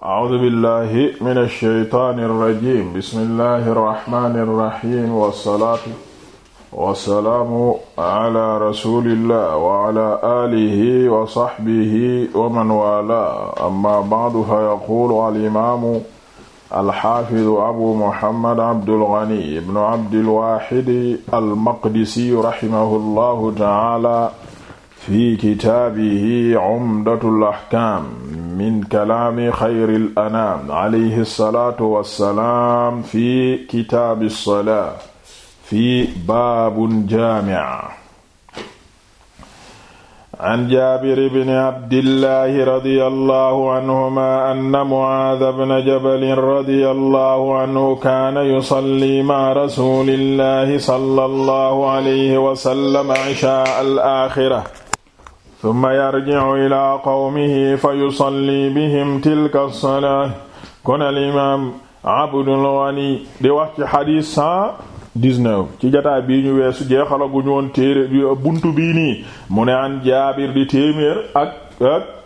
A'uuzu billaahi mina shaytaani rajiim bismillaahi rahmaani rahiim wasalaatu wasalaamu ala rasuulillaah wa ala aalihi wa saxbihi wa man waalaahu amma ba'du fa yaquulu al-imaamu al-xaafidu abu muhammad Abdul Ghani ibnu Abdil Waahid al-Maqdisi rahimahullaahu ta'aala fi kitaabihi Umdatul Ahkaam min kalaami xayril anaam alayhi salaatu wa salaam fi kitaabi salaa fi baabun jaamic. an jaabir ibn abdillahi radiyallahu anhumaa anna Mucaaz ibn Jabal radiyallahu anhu kaana yusalli maca rasuulillahi sallallahu alayhi wa sallam cishaa al-aaxira summa yarji'u ilaa qawmihi fa yusalli bihim di wax ci xadiis 119 ci jataay bii ñu weesu jeexalaguñu woon téere buntu bii nii mu ne an Jaabir di téeméer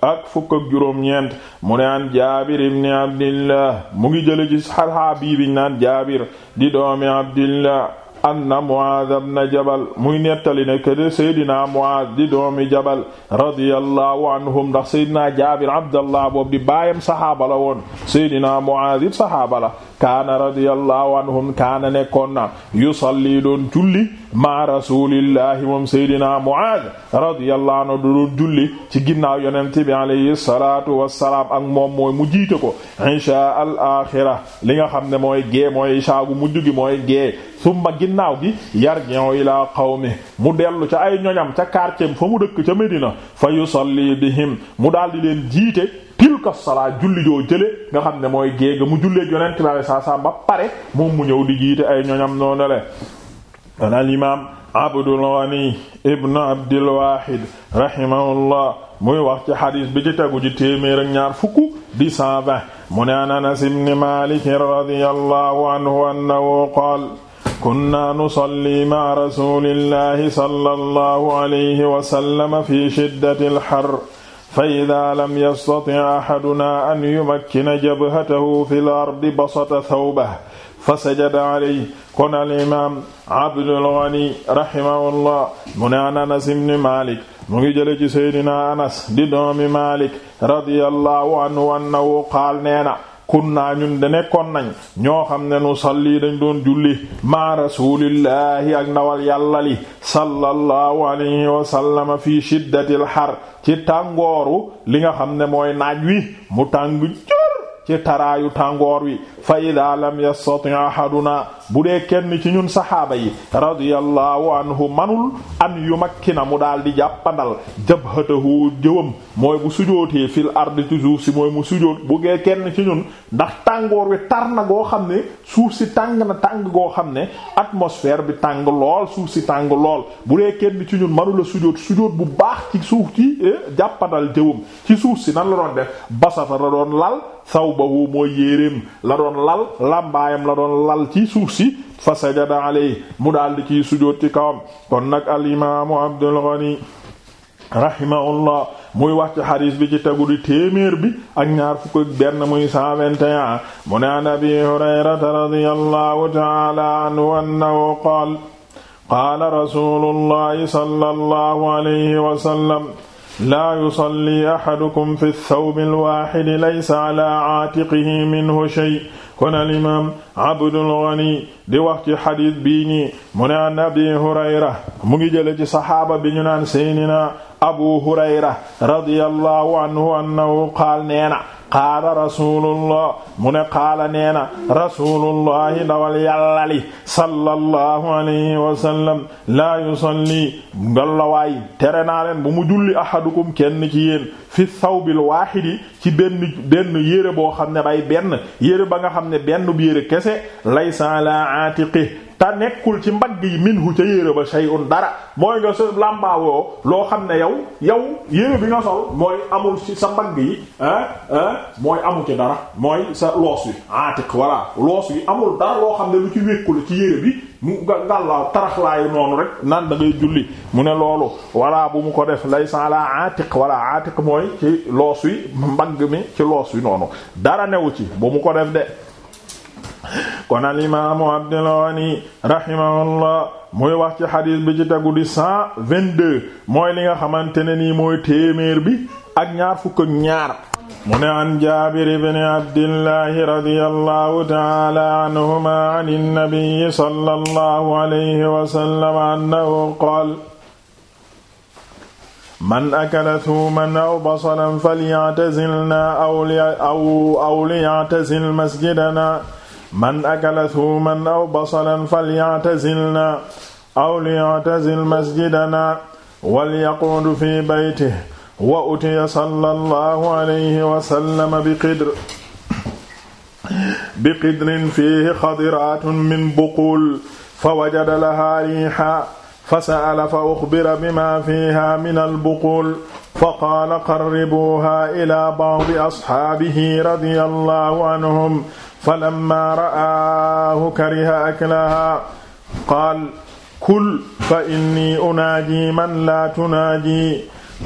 ak fukk juróom-ñeent mu ne an Jaabir ibn Abdillah mu ngi jële ci xalxaa bii Jaabir di doomi Abdillah anna Muaaz ibn Jabal muy nettali ne kër Seydina Muaaz di doomi Jabal radiyallahu anhum ndax Seydina Jaabir Abdallah boobu di baayam saxaaba la woon Seydina Muaaz it saxaaba la kaana radiyallahu anhum kaana nekkoon na yusalli doon julli ma rasulillahi moom Seydina Muaaz radiyallahu anhu doon julli ci ginnaaw yonent bi alayhi salaatu wassalaam ak moom mooy mu jiite ko insha al axira li nga xam ne mooy gée mooy isha gu mujj gi mooy gée summa ginnaaw gi yarji'u ilaa qawmi mu dellu ca ay ñoñam ca quartier fa mu dëkk ca Medina fa yusalli bihim mu daal di leen jiite tilka salaa julli joo jële nga xam ne mooy géega mu jullee yonent bi saa saa ba pare moom mu ñëw di jiite ay ñoñam noonu le kon al imaam Abdul Ghani ibn Abdul Wahid rahimahullah muy wax ci xadiis bi ci tegu ci téeméer ak ñaar fukk di mu ne an Anas ibn Maalik radiyallahu anhu annahu qaala kunna nusalli ma'a rasulillahi sallallahu alayhi wa sallam fi shiddati al-har fa idaa lam yastati' ahaduna an yumakkina jabhatahu fi al-ardi basata thawbahu fa sajada alayhi kon al-imaam Abdul Ghani rahimahullah mu ne an Anas ibn Malik mu ngi jële ci Seydina Anas di doomi Malik radiyallahu anhu annahu qaal nee na kunnaa ñun de nekkoon nañ ñoo xam ne nu salli dañ doon julli ma rasulillahi ak ndawal yàlla li sallallahu alayhi wa sallam fi shiddatil har ci tàngooru li nga xam ne mooy naaj wi mu tàng jër ci taraayu tàngoor wi fa ida lam yastati ahaduna bu dee kenn ci ñun saxaaba yi radiyallahu anhu manul an yu yumakkina mu daal di jàppandal jabhatahu jëwam mooy bu sujootee fil ardi ci suuf si mooy mu sujoot bu gee kenn ci ñun ndax tàngoor wi tar na goo xam ne suuf si tàng na tàng goo xam ne atmosphère bi tàng lool suuf si tàng lool bu dee kenn ci ñun manula sujoot sujoot bu baax ci suuf si eh, jàppandal jëwam ci suuf si nan la doon def basafa la doon lal sawbahu mooy yéreem la doon lal lambaayam la doon lal si fa sajada alayhi mu daal di ciy sujóot ci kawam kon nag al imaamu Abdul Ghani rahimahullah muy wax ci xadis bi ci tegu di téeméer bi ak ñaar fukk ak benn muy 121 mu ne an abi hurayrata radiyallahu ta'ala anhu annahu qaala qaala rasulullahi sallallahu alayhi wa sallam laa yusalli ahadukum fi ath-thawbi al-waahidi laysa ala aatiqihi minhu shay' kon al imaam Abdul Ghani di wax ci xadiis bii nii mu ne an Abi Hurayra mu ngi jële ci saxaaba bi ñu naan seydina Abu Hurayra radiyallahu anhu annahu qaal neena qaala rasulullah mu ne qaala nee na rasulullahi dawal yàlla li sallallahu alayhi wa sallam laa yusalli ngallawaay tere naa leen bu mu julli ahadukum kenn ci yéen fi sawbil waahidi ci benn benn yére boo xam ne bay benn yére ba nga xam ne benn bu yére kese laysa ala aatiqi te nekkul ci mbagg yi minhu ca yére ba shay'un dara mooy nga sa làmbaawoo loo xam ne yow yow yére bi nga sol mooy amul si sa mbagg yi mooy amul ci dara sa loos wi atiq voilà loos amul dara loo xam ne lu ci wékkul ci yére bi mu ngàllaaw taraxlaayu noonu rek nan da julli mu ne loolu voilà bu mu ko def laysa ala atiq voilà atiq mooy ci loos wi mbagg mi ci loos wi noonu dara newu ci bu mu ko def de kon al imaamu Abdul Ghani rahimahullah muy wax ci xadis bi ci tegu di cent vingt-deux mooy li nga xamante ne nii mooy téeméer bi ak ñaar fukk ak ñaar mu ne an Jaabir ibn Abdillahi radiyallahu ta'ala anhuma an an-nabiy sallallahu alayhi wa sallam annahu qaala man akala thuuman aw basalan falyatazilna aw aw liyatazil masjidana man akala thuuman aw basalan falyatazilna aw liyatazil masjidana walyaquudu fi baytihi wa utiya sallallahu alayhi wa sallam bi qidr bi qidrin fiihi xadiraatun min buquul fa wajada lahaa riihan fa sa'ala fa uxbira bimaa fiihaa minal buquul fa qaala qarribuuhaa ilaa ba'di asxaabihi radiyallahu anhum falamma ra'aahu kariha aklaha qaal kul fa inni unaaji man laa tunaaji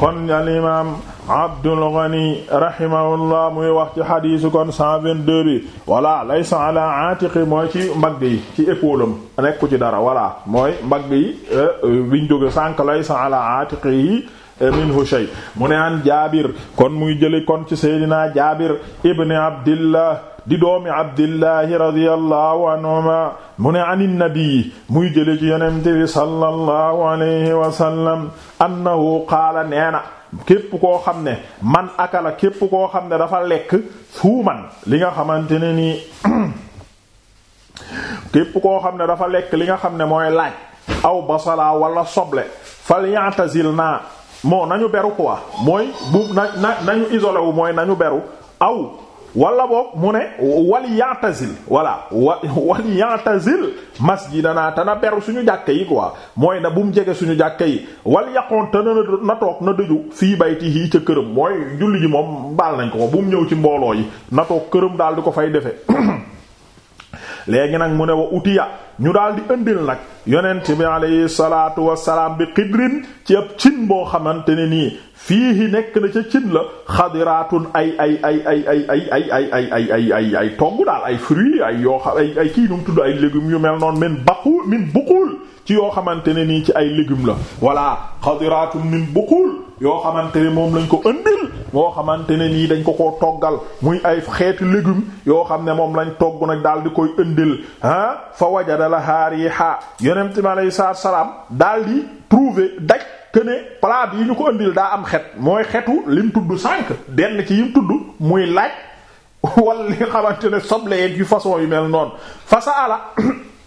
kon al imaam Abdul Ghani rahimahullah muy wax ci xadiisu kon 122 bi voilà laysa ala aatiqi mooy ci mbagg yi ci épaule am nekku ci dara voilà mooy mbagg yi euh, euh, biñ jóge sànq laysa ala aatiqi yi euh, minhu shay mu ne an Jaabir kon muy jëli kon ci Seydina Jaabir ibn Abdillah di doomi abdillahi radiyallahu anhuma mu ne an nabi muy jële ci yonente bi sallallahu alayhi wa sallam annahu qaala neena képp koo xam ne man akala képp koo xam ne dafa lekk suuman li nga xamante ne nii képp koo xam ne dafa lekk li nga xam ne mooy laaj aw basala wala soble fal ya'tazil naa moo nañu beru quoi mooy bu na na nañu isolé wu mooy nañu beru aw wala boog mu ne wal ya'tazil voilà wa wal ya'tazil masjidana te na beru suñu jàkka yi quoi mooy na bu mu jege suñu jàkka yi wal yaqoon te na toog na dëju fii baytihi ca këram mooy julli ji moom baal nañ ko bu mu ñëw ci mbooloo yi na toog këram daal di ko fay defe léegi nag mu ne wa utiya ñu daal di ëndil nag yonent bi alayhi salaatu wassalaam bi xidrin ci ab cin boo xamante ne nii fiihi nekk na ca cin la xadiraatun ay ay ay ay ay ay ay ay ay ay ay ay ay togg daal ay fruits ay yoo xam ay kii nu tudd ay légum yu mel noon men baqul min buqul ci yoo xamante ne nii ci ay légumes la voilà xadiraatun min buqul yoo xamante ne moom lañ ko ëndil moo xamante ne nii dañ ko ko toggal muy ay xeeti légumes yoo xam ne moom lañ togg nag daal di koy ëndil ah fa wajada la hariha yonent mi alayhi salaam daal di trouver daj que palaat yi ñu ko ëndil daa am xet mooy xetu lim tudd sànq denn ci yim tudd muy laaj wala li nga xamante ne soble yeeg yu façon yu mel noonu fasaala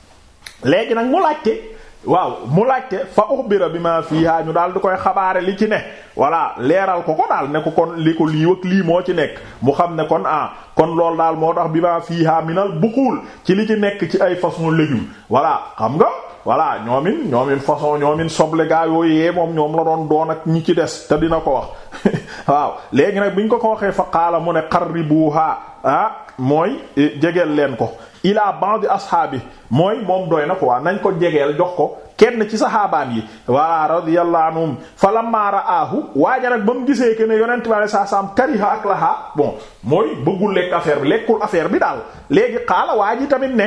léegi nag mu laajte. waaw mu laajte fa uxbira bi ma fiha ñu daal di koy xabaare li ci ne voilà leeral ko ko daal ne ko kon li ko lii ak lii moo ci nekk mu xam ne kon ah kon loolu daal moo tax bi ma fiha minal buqul ci li ci nekk ci ay façon légume voilà xam nga voilà ñoomin ñoomin façon ñoomin soble gaa yooyu yee moom ñoom la doon doon ak ñi ci des te dina ko wax waaw léegi nag bi ñu ko ko waxee fa qaala mu ne qarribuha ah mooy eh, jegeel leen ko ilaa ba'd ashaabi mooy moom doy na ko waa nañ ko jegeel jox ko kenn ci sa saxaabaan yi waa radiyallahu anhum fa lamma ra'aahu waaja nag ba mu gisee que ne yonent bi saa saam kariha ak laha bon mooy bëggul lekk affaire bi lekkul affaire bi daal léegi qaala waa ji tamit ne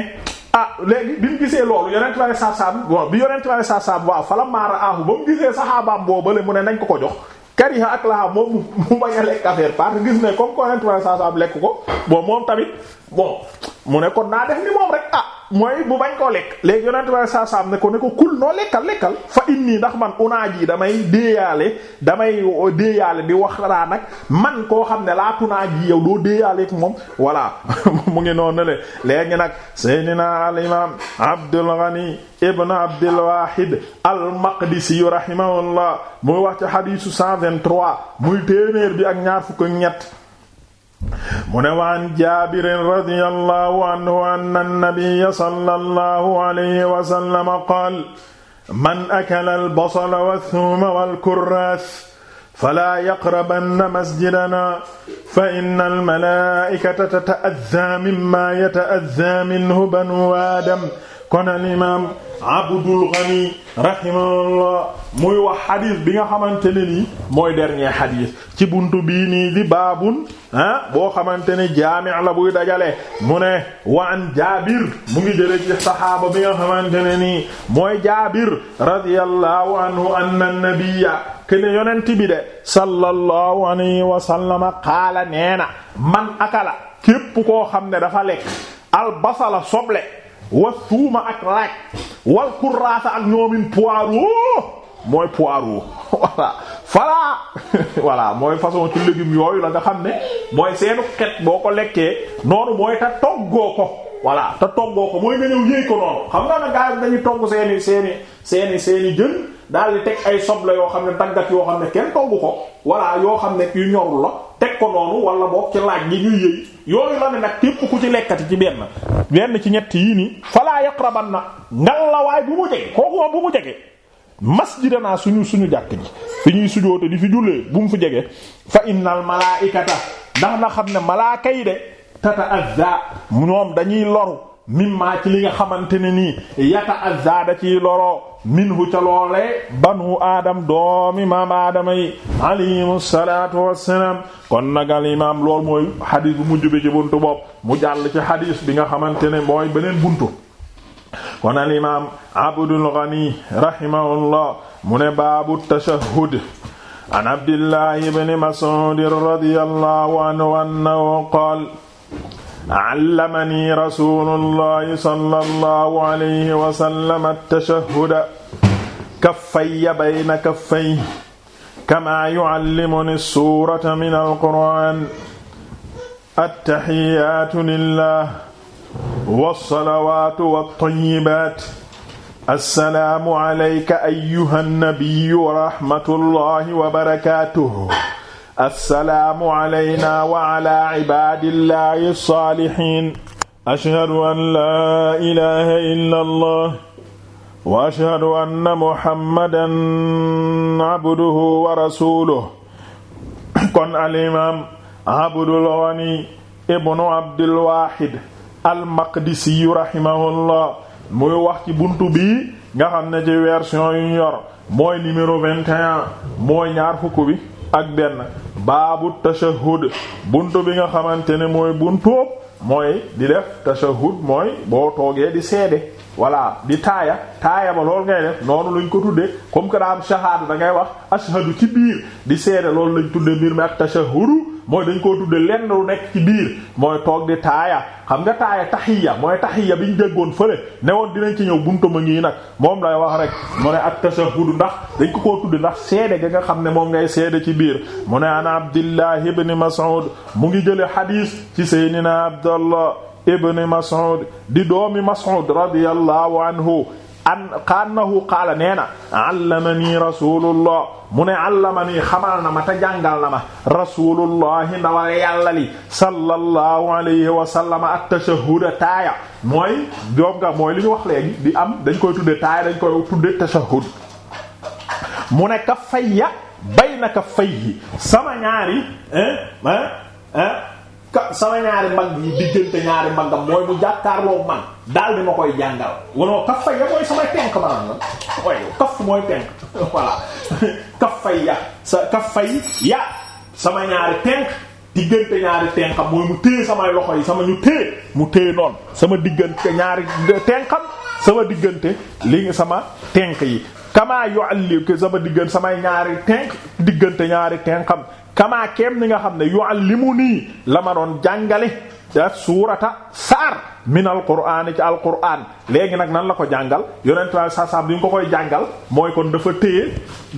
ah léegi bi mu gisee loolu yonent bale saasaam waaw bi waaw fala maara aahu ba mu gisee saxaabaam boobale mu ne nañ ko ko jox kariha ak laha moom mu bañ a lekk affaire parce gis ne comme ko yonent bale saasaam lekk ko bon moom tamit bon mu ne kon naa def ni moom rek ah mooy bu bañ koo lekk léegi yonent ba saa saam ne ko ne ko kul noo lekkal lekkal fa inni ndax man unaaji damay déeyaale damay déeyaale di wax raa nag man koo xam ne laa tunaaji yow doo déeyaaleek moom voilà mu ngi noonu le léegi nag seydina al imaam Abdul Ghani ibn Abdul Wahid al Maqdisi rahimahullah muy wax ci xadiisu 123 muy téeméer bi ak ñaar fukk ak ñett mu ne waan jaabirin radiyallahu anhu anna nabiyya sallallahu alayhi wa sallam qaal man akala albasala wathuuma walkurraas falaa yaqrabanna masjidanaa fa inna almalaa'ikata tata'adhaa mimmaa yata'adhaa minhu banuu aadam kon al imaam Abdul Ghani rahimahullah muy wax xadis bi nga xamante ne nii mooy dernier ci buntu bii nii di baabun boo xamante ne jaami' la buy dajale mu ne wa an Jaabir mu ngi jëlee ci saxaaba bi nga xamante ne mooy Jaabir radiyallahu anhu anna nabiyya kene yonent bi de sallallahu alayhi wa sallama qaala na man akala képp koo xam ne dafa lekk albasala soble wa suuma ak laaj wal kurraasa ak ñoomin poireau mooy poireau voilà fala voilà mooy façon ci légumes yooyu la nga xam ne mooy seenu xet boo ko lekkee noonu mooy te toggoo ko voilà te toggoo ko mooy nga ñëw yëy ko noonu xam nga na gaay dañuy togg seeni seeni seeni seeni jën daal di teg ay soble yoo xam ne daggat yoo xam ne kenn togg ko voilà yoo xam ne yu ñorul la teg ko noonu wala boog ci laaj gi ñuy yëy yooyu la ne nag képp ku ci lekkati ci benn benn ci ñetti yii nii falaa yaqraban na ngal la waay bu mu jege kooku moom bu mu jege masjidanaa suñu suñu jàkk ji fi ñuy sujoote di fi jullee bu mu fi jege fa innal malaa'ikata ndax na xam ne malaaka yi de tata azza ñoom dañuy loru mimma ci li nga xamante ni nii yata azzaada ci loroo minhu ca loolee banu aadam doomi maam aadama yi alayhim salaatu wassalaam kon nagal imaam lool mooy xadiis bu mujj bi buntu bopp mu jàll ci xadiis bi nga xamante ne mooy beneen buntu kon al imaam Abdul Ghani rahimahullah mu ne baabu tashahhud an Abdillahi ibn Mas'ud radiyallahu anhu annahu qaala allamani rasulullahi sallallahu alayhi wa sallam at-tashahhuda kaffayya bayna kaffayhi kama yu'allimuni as-surata min al-qur'an at-tahiyyatu lillah was-salawatu wat-tayyibat assalaamu alayka ayyuhan nabiyyu wa rahmatullahi wa barakatuh assalaamu alayna wa ala ibaadillahi alsaalihin ashhadu an laa ilaha illa allah wa ashhadu anna muhammadan abduhu wa rasuluh kon alimam abdul ghani ibnu abdulwaahid almaqdisiyu rahimahullah muy wax ci buntu bii nga xam ne ci version yu ñu yor mooy numéro 21 mooy ñaar fukk bi ak benn baabu tashahhud buntu bi nga xamante ne mooy buntu mooy di def tashahhud mooy boo toogee di seede voilà di taaya taaya ba lool ngay def noonu lañ ko tuddee comme que daa am shahaada da ngay wax ashhadu ci biir di seede loolu lañ tuddee mbir mi ak tashahhudu mooy dañ koo tudde lenn lu nekk ci biir mooy toog di taaya xam nga taaya taxiya mooy taxiya biñ déggoon fële ne woon dinañ ci ñëw buntu ma ngi nag moom lay wax rek mu ne ak tashahhud ndax dañ ko koo tudde ndax seede ga nga xam ne moom ngay seede ci biir mu ne an Abdullah ibn Mas'ud mu ngi jële xadiis ci Seydina Abdallah ibn Mas'ud di doomi Mas'ud radiyallahu anhu an xaannahu qaala nee na allamani rasulullah mu ne allamani xamal na ma te jàngal yàlla li sallallahu alayhi wa sallam at taaya mooy doom nga mooy li ñu wax léegi di am dañ koy tudde taaya dañ koy tudde tashahhud mu ne ka fayya bayna ka fayyi sama ñaari ka sama ñaari mbagg yi diggante ñaari mbaggam mooy mu jàkkaarloo man daal di ma koy jàngal wonoo kaf fay ya mooy samay penk maanaam lan waaye kaf fay ya sa kaf fay ya sama ñaari penk diggante ñaari tenxam samay loxo yi sama ñu téye mu téye noonu sama diggante ñaari tenxam sama diggante li sama tenk yi kamaa yu'allimuka sama diggante samay ñaari tenk diggante ñaari tenxam kamaa keem ni nga xam ne yu'allimuni la ma doon jàngale ca suurata saar min alquraan ci alquraan léegi nag nan la ko jàngal yonentu Yàlla saa saa ko koy jàngal mooy kon dafa téye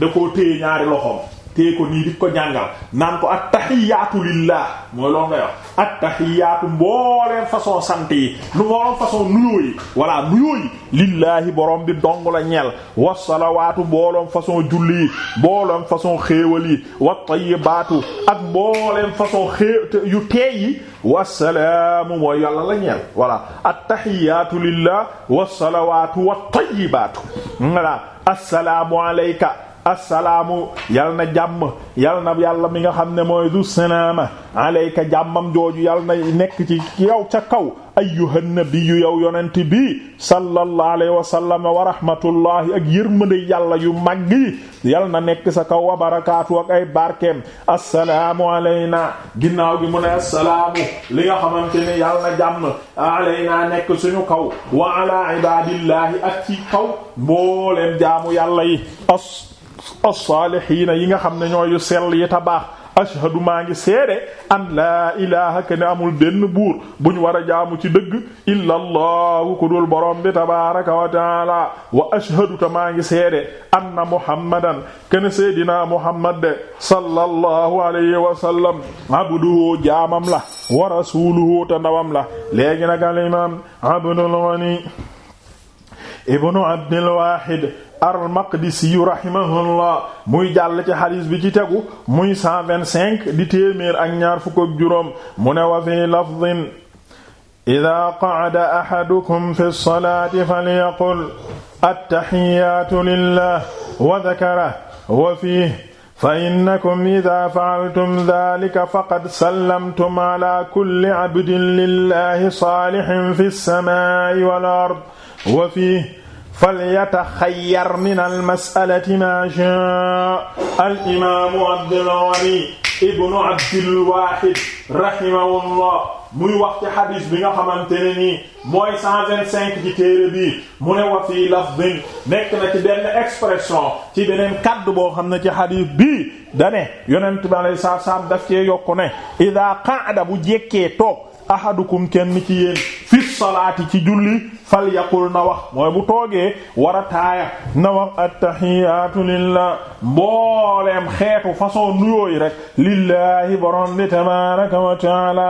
da koo téye ñaari loxoom téye ko nii di ko jàngal naan ko at tahiyaatu lillah mooy loo nga wax attahiyaatu mbooleem façon sant yi lu mbooleem façon nuyoo yi voilà nuyoo yi lillaahi borom bi dong la ñeel wasalawaatu mbooleem façon julli yi mbooleem façon xéewal yi wa tayyibaatu ak mbooleem façon xée yu teey yi wasalaamu mooy yàlla la ñeel voilà attahiyaatu lillah wasalawaatu wa tayyibaatu voilà assalaamu alayka assalaamu yal na jàmm yal na yàlla mi nga xam ne mooy du salaama alayka jàmmam jooju yal na nekk ci yow ca kaw ayyuhan nabiyyu yow yonent bi sallallahu alayhi wa sallam wa rahmatullahi ak yërmande yàlla yu màgg yi yal na nekk sa kaw wa barakaatu ak ay barkeem assalaamu alayna ginnaaw gi mu ne assalaamu li nga xamante ne yal na jàmm alayna nekk suñu kaw wa ala ibadillahi ak ci kaw mbooleem jaamu yàlla yi as-saalihiina yi nga xam ne ñooyu sell yi ta baax ashhadu maa ngi seede an laa ilaha ke amul benn buur buñ war a jaamu ci dëgg illa allahu ku dul borom bi wa taala wa ashhadu ta maa ngi seede anna muhammadan ke ne muhammad de sallallahu alayhi wa abduhu jaamam la wa rasuluhu ta ndawam la léegi nag al imam abdul ghani ibnu abdul wahid al-Maqdisiyu rahimahullah muy jàll ci xadis bi ci tegu muy 125 di téeméer ak ñaar fukk ak juróom mu ne wa fi lafdin ida qa'ada ahadukum fi salaati falyaqul attahiyaatu lillah wa dhakarahu wa fiihi fa innakum ida fa'altum dhalika faqad sallamtum ala kulli abdin lillahi salihin fi samaa'i wal ard wa fiihi falyataxayyar min almasalati ma shaa alimamu abdulghani ibnu abdilwahid rahimahullah muy wax ci xadis bi nga xamante ne nii mooy 125 ci téere bi mu ne wa fii lafdin nekk na ci benn expression ci beneen kaddu boo xam ne ci bi alei saatu salaam daf cee yokku ne ida qaada bu jekkee toog ahadukum kenn ci salaati ci julli fal yaqul na wax mooy bu toogee war a taaya na wax attahiyaatu lillah mbooleem xeetu façon nuyooyu rek lillahi borom bi tabaraka wa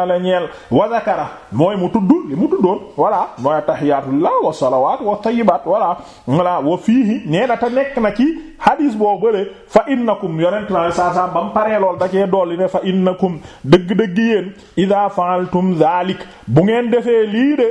la ñeel wa zakara mooy mu tudd li mu tuddoon voilà mooy attahiyaatu lillah wa salawaat wa tayyibaat voilà wa fiihi nee na te nekk na ci hadis boo bële fa innakum yonent na saa saa ba mu paree lool da cee dolli ne fa innakum dëgg-dëgg yéen ida fa'altum zaalik bu ngeen defee lii de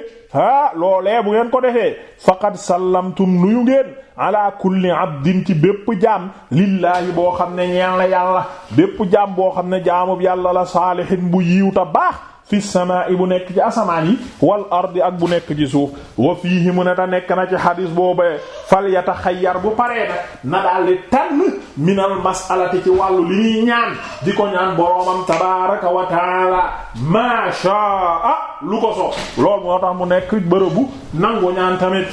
ah loolee bu ngeen ko defee faqad sallamtum nuyu ngeen ala kulli abdin ci bépp jaam lillaahi boo xam ne ñeel la yàlla bépp jaam boo xam ne jaamub yàlla la saalihin bu yiw ta baax fi samaa'i bu nekk ci asamaan yi wal ardi ak bu nekk ci suuf wa fiihi mu ne ta nekk na ci xadis boobee fal yataxayyar bu paree nag na daal di tànn minal mas'alati ci wàllu li ñuy ñaan di ko ñaan boroomam tabaaraka wa taala maa sha'a lu ko soob loolu moo tax mu nekk bërëbu nangu ñaan tamit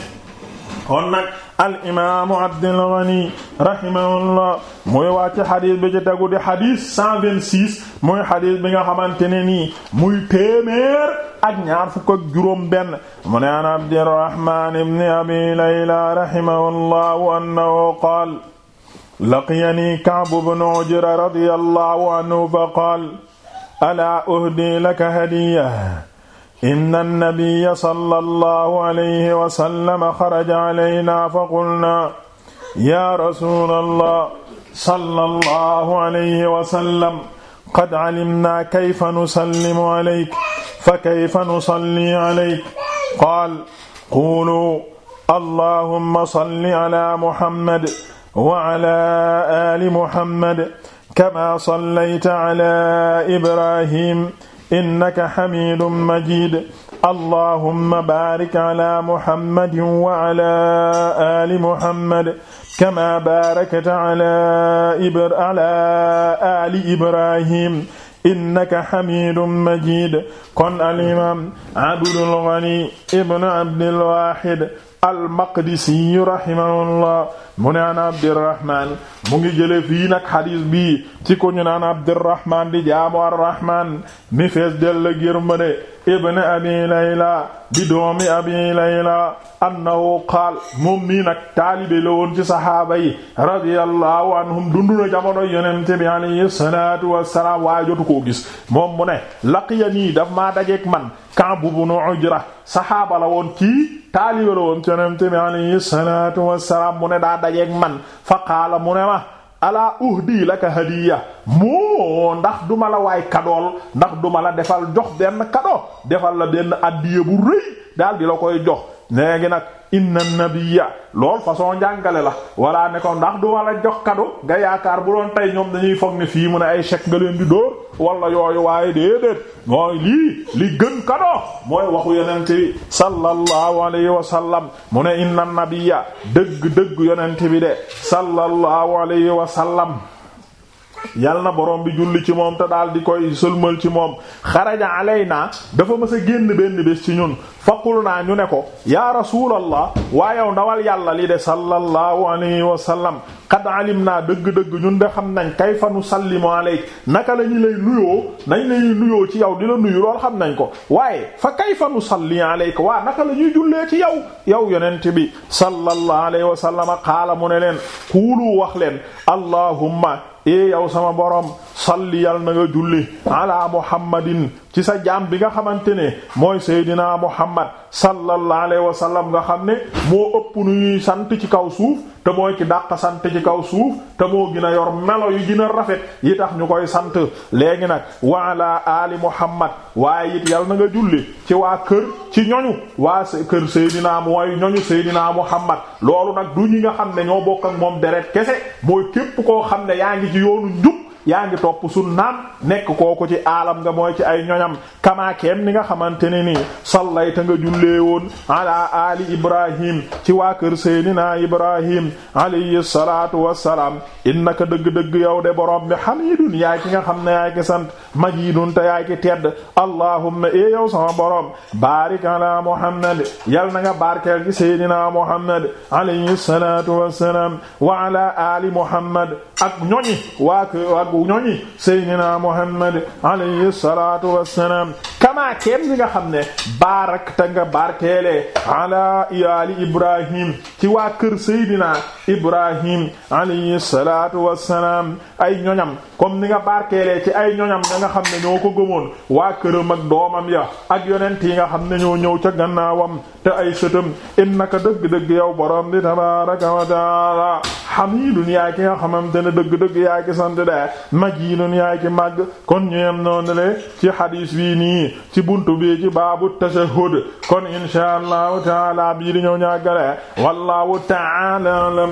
kon nag al imaamu Abdul Ghani rahimahullah muy wàcc xadis bi ci tegu di xadis 126 muy xadis bi nga xamante ne nii muy téeméer ak ñaar fukk ak juróom benn mu ne an Abdurrahman ibn Abi Layla rahimahullahu annahu qaal laqiyani Ka'b ibn Ujra radiyallahu anhu fa qaal alaa uhdii laka hadiyya inna annabiya sallallahu alayhi wa sallam xaraja alaynaa fa qulnaa yaa rasuulallah sallallahu alayhi wa sallam qad calimnaa kayfa nusallimu alayka fa kayfa nusalli alayka qaala quuluu allahumma salli calaa muhammad wa calaa aali muhammad kamaa sallayta calaa ibraahiim innaka hamidun majid allahumma barik ala muhammadin wa ala ali muhammad kama barakta ala ali ibrahim innaka hamidun majid kon al imam abdul ghani ibn abdul wahid al-Maqdisi rahimahullah mu ne an Abdirrahman mu ngi jële fii nag xadis bii ci ko ñu naan Abdirrahman di jaamu ar-Rahman mi fees dell la gërëm ne ibn abi layla di doomi abi layla annahu qaal moom taalibe la woon ci yi radiyallahu anhum dundu na jamono yonente bi alayhi salaatu wassalaam waaye jotu koo gis moom mu laqiya nii daf maa dajeek man Ka'b ibn Ujra saxaaba la woon taalibe la woon ci yonente bi alayhi wassalaam mu daa dajeek man fa qaala mu ma alaa uhdi laka hadiya moo ndax duma la waay kadool ndax duma la defal jox benn kado defal la benn addiya bu rëy daal di la koy jox léegi nag inna nabiyya lool façon njàngale la walla ne ko ndax du wala jox kado nga yaakaar bu doon tey ñoom dañuy foog ne fii mu ne ay chèque nga leen di dóor wala yooyu waaye déedéet mooy lii li gën kado mooy waxu yonent bi sallallahu alayhi wa sallam mu ne inna nabiyya dëgg dëgg yonent bi de sallallahu alayhi wa sallam yal na borom bi julli ci moom te daal di koy sëlmal ci moom xaraja alaynaa dafa mës a génn benn bés ci ñun faqul naa ñu ne ko yaa rasulallah waa yow ndawal yàlla li de sallallahu alayhi wa sallam qad alim naa dëgg-dëgg ñun de xam nañ kayfa nusallimu alayk naka la ñu lay nuyoo nañ la ci yow di la nuyu lool xam nañ ko waaye fa kayfa nusalli alayk waa naka la ñuy jullee ci yow yow yonent bi sallallahu alayhi wa sallam mu ne leen kuulu wax leen allahumma ee yow sama boroom salli yal na nga julli ala muhammadin ci sa jaam bi nga xamante ne mooy seydinaa muhammad sallallahu alayhi wa sallam nga xam ne moo ëpp nu ñuy sant ci kaw suuf te mooy ki dàq sant ci kaw suuf te moo gën a yor melo yi gën rafet yi tax ñu koy sant léegi nag wa ala ali muhammad waaye it yal na nga julli ci waa kër ci ñoñu waa kër seydinaa mooy ñoñu seydinaa muhammad loolu nag du ñi nga xam ne ñoo bokk ak moom deret kese mooy képp ci yoonu njub yaa ngi topp sunnaam nekk kooku ci aalam nga mooy ci ay ñoñam kamaakeem ni nga xamante ne nii sallayta nga jullee woon ala ali ibrahim ci waa kër seydinaa ibrahim alayhi salaatu wassalaam innaka dëgg-dëgg yow de borom bi hamidun yaay ki nga xam ne yaay ki sant majidun te yaay ki tedd allahumma e yow sama borom barik ala muhammad yal na nga barkeel ci seydinaa muhammad alayhi salaatu wassalaam wa ali muhammad ak ñoñi waa kër sangu ñooñi seydina muhammad alayhi salatu wassalaam kamaa keem li nga xam ne baarak ta nga barkeele ala iyaali ibrahim ci waa kër seydina Ibrahim alayhi salaatu wassalaam ay ñoñam comme ni nga barkeelee ci ay ñoñam da nga xam ne ñoo ko gëmoon waa këram ak doomam ya ak yonent yi nga xam ne ñoo ñëw ca gannaawam te ay sëtam innaka dëgg-dëgg yow borom di tabaaraka wa taala hamidun yaay ki nga xamante ne dëgg-dëgg yaay ki sant de majidun yaay ki màgg kon ñu yem noonu le ci hadis bii nii ci buntu bi ci baabu tashahhud kon insha allahu taala bii di ñëw ñaagale wallahu taala